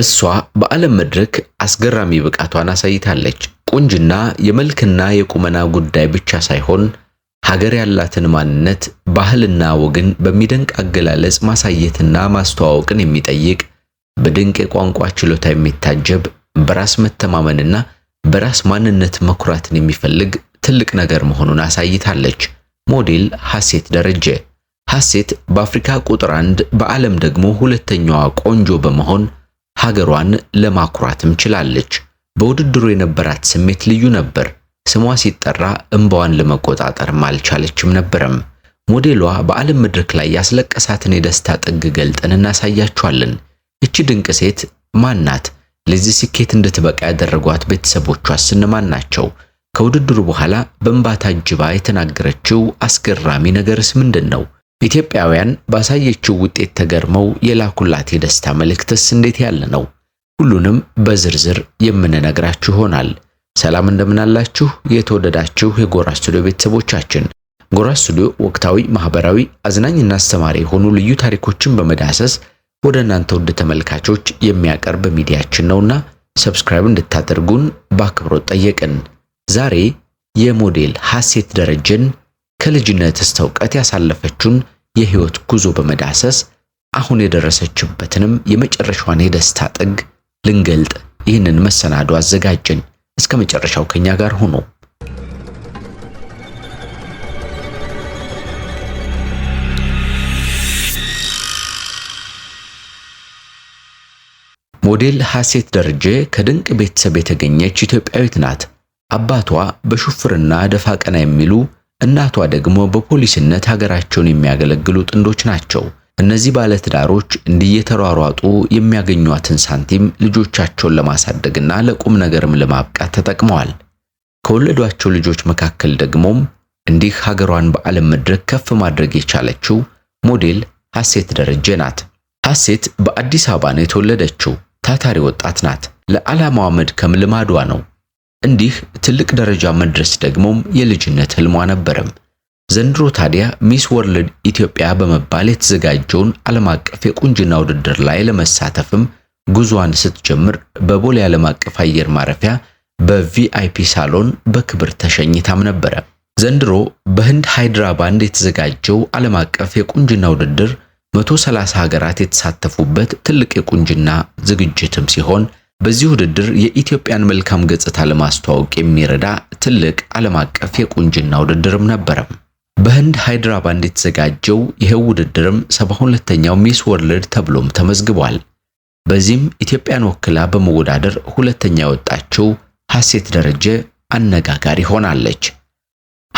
እሷ በዓለም መድረክ አስገራሚ ብቃቷን አሳይታለች። ቁንጅና የመልክና የቁመና ጉዳይ ብቻ ሳይሆን ሀገር ያላትን ማንነት፣ ባህልና ወግን በሚደንቅ አገላለጽ ማሳየትና ማስተዋወቅን የሚጠይቅ በድንቅ የቋንቋ ችሎታ የሚታጀብ በራስ መተማመንና በራስ ማንነት መኩራትን የሚፈልግ ትልቅ ነገር መሆኑን አሳይታለች። ሞዴል ሀሴት ደረጀ ሀሴት በአፍሪካ ቁጥር አንድ በዓለም ደግሞ ሁለተኛዋ ቆንጆ በመሆን ሀገሯን ለማኩራትም ችላለች። በውድድሩ የነበራት ስሜት ልዩ ነበር። ስሟ ሲጠራ እንባዋን ለመቆጣጠርም አልቻለችም ነበረም። ሞዴሏ በዓለም መድረክ ላይ ያስለቀሳትን የደስታ ጥግ ገልጠን እናሳያቸዋለን። እቺ ድንቅ ሴት ማን ናት? ለዚህ ስኬት እንድትበቃ ያደረጓት ቤተሰቦቿስ እነማን ናቸው? ከውድድሩ በኋላ በእንባ ታጅባ የተናገረችው አስገራሚ ነገርስ ምንድን ነው? ኢትዮጵያውያን ባሳየችው ውጤት ተገርመው የላኩላት የደስታ መልእክትስ እንዴት ያለ ነው? ሁሉንም በዝርዝር የምንነግራችሁ ይሆናል። ሰላም እንደምናላችሁ የተወደዳችሁ የጎራ ስቱዲዮ ቤተሰቦቻችን። ጎራ ስቱዲዮ ወቅታዊ፣ ማህበራዊ፣ አዝናኝና አስተማሪ የሆኑ ልዩ ታሪኮችን በመዳሰስ ወደ እናንተ ውድ ተመልካቾች የሚያቀርብ ሚዲያችን ነውና ሰብስክራይብ እንድታደርጉን በአክብሮት ጠየቅን። ዛሬ የሞዴል ሀሴት ደረጀን ከልጅነት እስከ እውቀት ያሳለፈችውን የህይወት ጉዞ በመዳሰስ አሁን የደረሰችበትንም የመጨረሻዋን የደስታ ጥግ ልንገልጥ ይህንን መሰናዶ አዘጋጀን። እስከ መጨረሻው ከኛ ጋር ሆኖ ሞዴል ሐሴት ደረጀ ከድንቅ ቤተሰብ የተገኘች ኢትዮጵያዊት ናት። አባቷ በሹፍርና ደፋ ቀና የሚሉ እናቷ ደግሞ በፖሊስነት ሀገራቸውን የሚያገለግሉ ጥንዶች ናቸው። እነዚህ ባለትዳሮች እንዲየተሯሯጡ የሚያገኟትን ሳንቲም ልጆቻቸውን ለማሳደግና ለቁም ነገርም ለማብቃት ተጠቅመዋል። ከወለዷቸው ልጆች መካከል ደግሞም እንዲህ ሀገሯን በዓለም መድረክ ከፍ ማድረግ የቻለችው ሞዴል ሐሴት ደረጀ ናት። ሐሴት በአዲስ አበባ ነው የተወለደችው። ታታሪ ወጣት ናት። ለዓላማዋ መድከም ልማዷ ነው። እንዲህ ትልቅ ደረጃ መድረስ ደግሞም የልጅነት ህልሟ ነበረም። ዘንድሮ ታዲያ ሚስ ወርልድ ኢትዮጵያ በመባል የተዘጋጀውን ዓለም አቀፍ የቁንጅና ውድድር ላይ ለመሳተፍም ጉዟን ስትጀምር በቦሌ ዓለም አቀፍ አየር ማረፊያ በቪአይፒ ሳሎን በክብር ተሸኝታም ነበረ። ዘንድሮ በህንድ ሃይድራባንድ የተዘጋጀው ዓለም አቀፍ የቁንጅና ውድድር 130 ሀገራት የተሳተፉበት ትልቅ የቁንጅና ዝግጅትም ሲሆን በዚህ ውድድር የኢትዮጵያን መልካም ገጽታ ለማስተዋወቅ የሚረዳ ትልቅ ዓለም አቀፍ የቁንጅና ውድድርም ነበረ። በህንድ ሃይድራባንድ የተዘጋጀው ይህ ውድድርም 72ኛው ሚስ ወርልድ ተብሎም ተመዝግቧል። በዚህም ኢትዮጵያን ወክላ በመወዳደር ሁለተኛ የወጣችው ሀሴት ደረጀ አነጋጋሪ ሆናለች።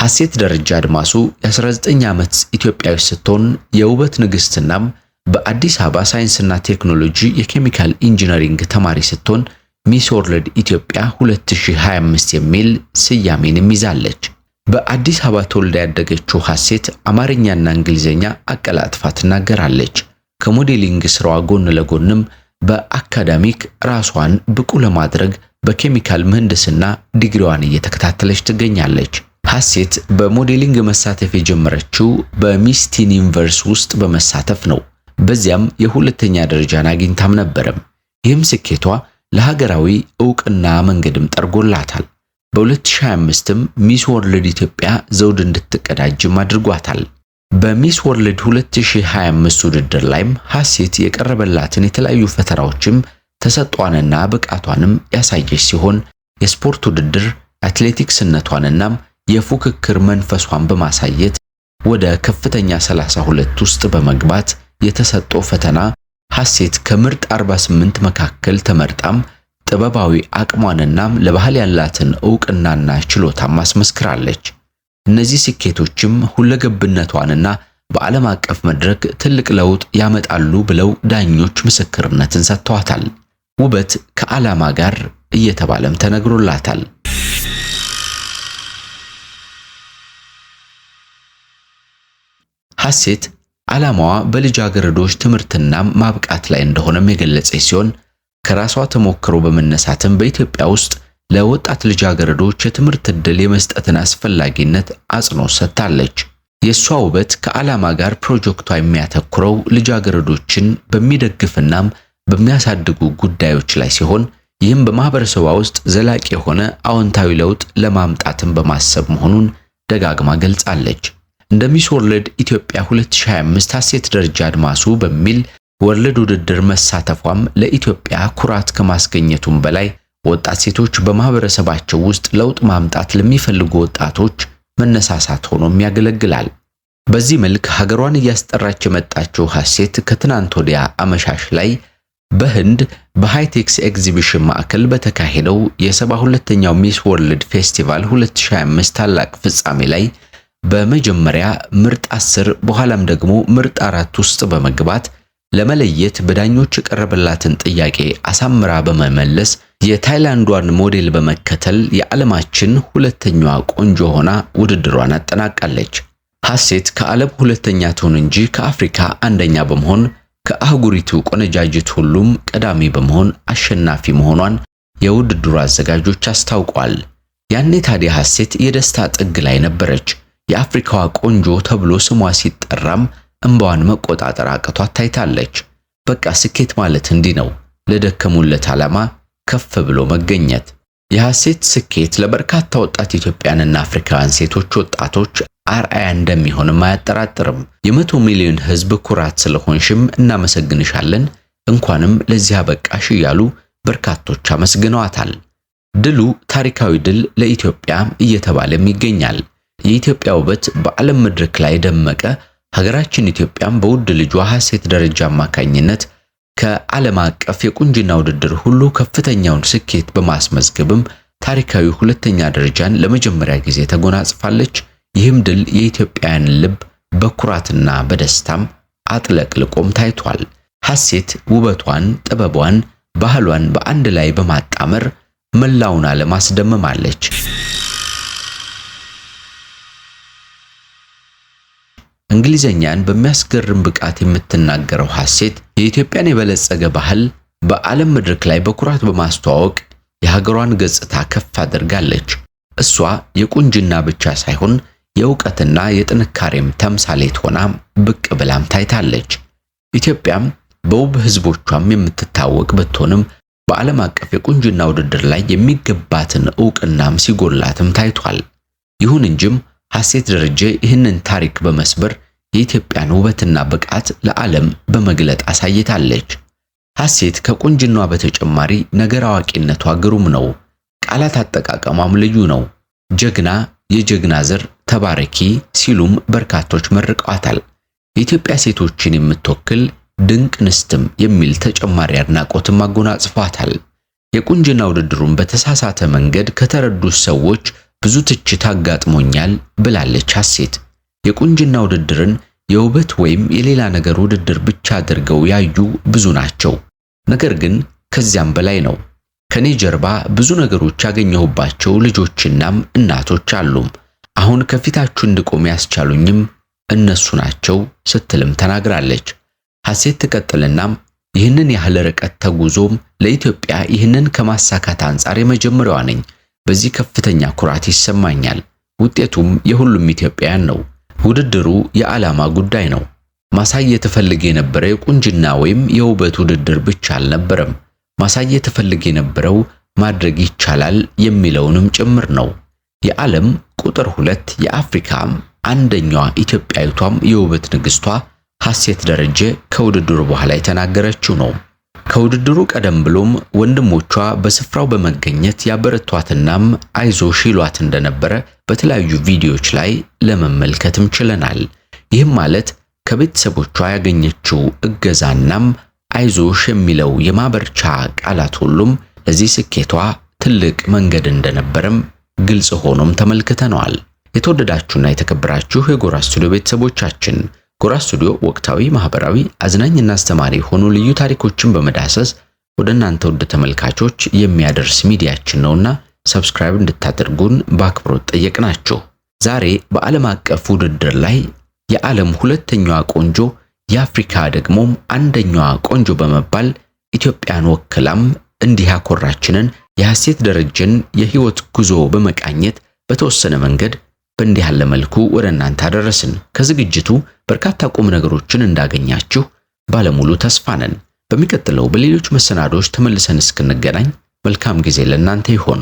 ሀሴት ደረጃ አድማሱ የ19 ዓመት ኢትዮጵያዊ ስትሆን የውበት ንግስትናም በአዲስ አበባ ሳይንስና ቴክኖሎጂ የኬሚካል ኢንጂነሪንግ ተማሪ ስትሆን ሚስ ወርልድ ኢትዮጵያ 2025 የሚል ስያሜንም ይዛለች። በአዲስ አበባ ተወልዳ ያደገችው ሀሴት አማርኛና እንግሊዝኛ አቀላጥፋ ትናገራለች። ከሞዴሊንግ ስራዋ ጎን ለጎንም በአካዳሚክ ራሷን ብቁ ለማድረግ በኬሚካል ምህንድስና ዲግሪዋን እየተከታተለች ትገኛለች። ሀሴት በሞዴሊንግ መሳተፍ የጀመረችው በሚስቲን ዩኒቨርስ ውስጥ በመሳተፍ ነው። በዚያም የሁለተኛ ደረጃን አግኝታም ነበረም። ይህም ስኬቷ ለሀገራዊ እውቅና መንገድም ጠርጎላታል። በ2025ም ሚስ ወርልድ ኢትዮጵያ ዘውድ እንድትቀዳጅም አድርጓታል። በሚስ ወርልድ 2025 ውድድር ላይም ሀሴት የቀረበላትን የተለያዩ ፈተናዎችም ተሰጧንና ብቃቷንም ያሳየች ሲሆን የስፖርት ውድድር አትሌቲክስነቷንናም የፉክክር መንፈሷን በማሳየት ወደ ከፍተኛ 32 ውስጥ በመግባት የተሰጠው ፈተና ሐሴት ከምርጥ 48 መካከል ተመርጣም ጥበባዊ አቅሟንና ለባህል ያላትን ዕውቅናና ችሎታም አስመስክራለች። እነዚህ ስኬቶችም ሁለገብነቷንና በዓለም አቀፍ መድረክ ትልቅ ለውጥ ያመጣሉ ብለው ዳኞች ምስክርነትን ሰጥተዋታል። ውበት ከዓላማ ጋር እየተባለም ተነግሮላታል። ሐሴት ዓላማዋ በልጃገረዶች ትምህርትና ማብቃት ላይ እንደሆነም የገለጸች ሲሆን ከራሷ ተሞክሮ በመነሳትም በኢትዮጵያ ውስጥ ለወጣት ልጃገረዶች የትምህርት ዕድል የመስጠትን አስፈላጊነት አጽንኦት ሰጥታለች። የእሷ ውበት ከዓላማ ጋር ፕሮጀክቷ የሚያተኩረው ልጃገረዶችን በሚደግፍናም በሚያሳድጉ ጉዳዮች ላይ ሲሆን ይህም በማህበረሰቧ ውስጥ ዘላቂ የሆነ አዎንታዊ ለውጥ ለማምጣትም በማሰብ መሆኑን ደጋግማ ገልጻለች። እንደ ሚስ ወርልድ ኢትዮጵያ 2025 ሀሴት ደረጃ አድማሱ በሚል ወርልድ ውድድር መሳተፏም ለኢትዮጵያ ኩራት ከማስገኘቱም በላይ ወጣት ሴቶች በማህበረሰባቸው ውስጥ ለውጥ ማምጣት ለሚፈልጉ ወጣቶች መነሳሳት ሆኖም ያገለግላል። በዚህ መልክ ሀገሯን እያስጠራች የመጣችው ሀሴት ከትናንት ወዲያ አመሻሽ ላይ በህንድ በሃይቴክስ ኤግዚቢሽን ማዕከል በተካሄደው የ72ኛው ሚስ ወርልድ ፌስቲቫል 2025 ታላቅ ፍጻሜ ላይ በመጀመሪያ ምርጥ አስር በኋላም ደግሞ ምርጥ አራት ውስጥ በመግባት ለመለየት በዳኞች የቀረበላትን ጥያቄ አሳምራ በመመለስ የታይላንዷን ሞዴል በመከተል የዓለማችን ሁለተኛዋ ቆንጆ ሆና ውድድሯን አጠናቃለች። ሐሴት ከዓለም ሁለተኛ ትሆን እንጂ ከአፍሪካ አንደኛ በመሆን ከአህጉሪቱ ቆነጃጅት ሁሉም ቀዳሚ በመሆን አሸናፊ መሆኗን የውድድሩ አዘጋጆች አስታውቋል። ያኔ ታዲያ ሐሴት የደስታ ጥግ ላይ ነበረች። የአፍሪካዋ ቆንጆ ተብሎ ስሟ ሲጠራም እንባዋን መቆጣጠር አቅቷ ታይታለች። በቃ ስኬት ማለት እንዲህ ነው፣ ለደከሙለት ዓላማ ከፍ ብሎ መገኘት። የሐሴት ስኬት ለበርካታ ወጣት ኢትዮጵያንና አፍሪካውያን ሴቶች ወጣቶች አርአያ እንደሚሆንም አያጠራጥርም። የመቶ ሚሊዮን ሕዝብ ኩራት ስለሆንሽም እናመሰግንሻለን፣ እንኳንም ለዚህ አበቃሽ እያሉ በርካቶች አመስግነዋታል። ድሉ ታሪካዊ ድል ለኢትዮጵያ እየተባለም ይገኛል። የኢትዮጵያ ውበት በዓለም መድረክ ላይ ደመቀ። ሀገራችን ኢትዮጵያም በውድ ልጇ ሀሴት ደረጃ አማካኝነት ከዓለም አቀፍ የቁንጅና ውድድር ሁሉ ከፍተኛውን ስኬት በማስመዝገብም ታሪካዊ ሁለተኛ ደረጃን ለመጀመሪያ ጊዜ ተጎናጽፋለች። ይህም ድል የኢትዮጵያውያን ልብ በኩራትና በደስታም አጥለቅልቆም ታይቷል። ሀሴት ውበቷን፣ ጥበቧን፣ ባህሏን በአንድ ላይ በማጣመር መላውን ዓለም አስደምማለች። እንግሊዘኛን በሚያስገርም ብቃት የምትናገረው ሐሴት የኢትዮጵያን የበለጸገ ባህል በዓለም መድረክ ላይ በኩራት በማስተዋወቅ የሀገሯን ገጽታ ከፍ አድርጋለች። እሷ የቁንጅና ብቻ ሳይሆን የእውቀትና የጥንካሬም ተምሳሌት ሆና ብቅ ብላም ታይታለች። ኢትዮጵያም በውብ ሕዝቦቿም የምትታወቅ ብትሆንም በዓለም አቀፍ የቁንጅና ውድድር ላይ የሚገባትን እውቅናም ሲጎላትም ታይቷል። ይሁን እንጂም ሀሴት ደረጀ ይህንን ታሪክ በመስበር የኢትዮጵያን ውበትና ብቃት ለዓለም በመግለጥ አሳይታለች። ሀሴት ከቁንጅናዋ በተጨማሪ ነገር አዋቂነቷ ግሩም ነው። ቃላት አጠቃቀሟም ልዩ ነው። ጀግና፣ የጀግና ዘር፣ ተባረኪ ሲሉም በርካቶች መርቀዋታል። የኢትዮጵያ ሴቶችን የምትወክል ድንቅ ንስትም የሚል ተጨማሪ አድናቆትም አጎናጽፏታል። የቁንጅና ውድድሩን በተሳሳተ መንገድ ከተረዱት ሰዎች ብዙ ትችት አጋጥሞኛል ብላለች ሐሴት። የቁንጅና ውድድርን የውበት ወይም የሌላ ነገር ውድድር ብቻ አድርገው ያዩ ብዙ ናቸው። ነገር ግን ከዚያም በላይ ነው። ከኔ ጀርባ ብዙ ነገሮች ያገኘሁባቸው ልጆችናም እናቶች አሉ። አሁን ከፊታችሁ እንድቆም ያስቻሉኝም እነሱ ናቸው ስትልም ተናግራለች። ሐሴት ትቀጥልናም ይህንን ያህል ርቀት ተጉዞም ለኢትዮጵያ ይህንን ከማሳካት አንጻር የመጀመሪያዋ ነኝ በዚህ ከፍተኛ ኩራት ይሰማኛል። ውጤቱም የሁሉም ኢትዮጵያውያን ነው። ውድድሩ የዓላማ ጉዳይ ነው። ማሳየት እፈልግ የነበረ የቁንጅና ወይም የውበት ውድድር ብቻ አልነበረም። ማሳየት እፈልግ የነበረው ማድረግ ይቻላል የሚለውንም ጭምር ነው። የዓለም ቁጥር ሁለት የአፍሪካም አንደኛዋ ኢትዮጵያዊቷም የውበት ንግስቷ ሀሴት ደረጀ ከውድድሩ በኋላ የተናገረችው ነው። ከውድድሩ ቀደም ብሎም ወንድሞቿ በስፍራው በመገኘት ያበረቷትናም አይዞሽ ይሏት እንደነበረ በተለያዩ ቪዲዮዎች ላይ ለመመልከትም ችለናል። ይህም ማለት ከቤተሰቦቿ ያገኘችው እገዛናም አይዞሽ የሚለው የማበርቻ ቃላት ሁሉም ለዚህ ስኬቷ ትልቅ መንገድ እንደነበረም ግልጽ ሆኖም ተመልክተነዋል። የተወደዳችሁና የተከበራችሁ የጎራ ስቱዲዮ ቤተሰቦቻችን ጎራ ስቱዲዮ ወቅታዊ፣ ማህበራዊ፣ አዝናኝና አስተማሪ የሆኑ ልዩ ታሪኮችን በመዳሰስ ወደ እናንተ ወደ ተመልካቾች የሚያደርስ ሚዲያችን ነውና ሰብስክራይብ እንድታደርጉን በአክብሮት ጠየቅናችሁ። ዛሬ በዓለም አቀፍ ውድድር ላይ የዓለም ሁለተኛዋ ቆንጆ የአፍሪካ ደግሞም አንደኛዋ ቆንጆ በመባል ኢትዮጵያን ወክላም እንዲህ ያኮራችንን የሐሴት ደረጀን የህይወት ጉዞ በመቃኘት በተወሰነ መንገድ በእንዲህ ያለ መልኩ ወደ እናንተ አደረስን። ከዝግጅቱ በርካታ ቁም ነገሮችን እንዳገኛችሁ ባለሙሉ ተስፋ ነን። በሚቀጥለው በሌሎች መሰናዶዎች ተመልሰን እስክንገናኝ መልካም ጊዜ ለእናንተ ይሆን።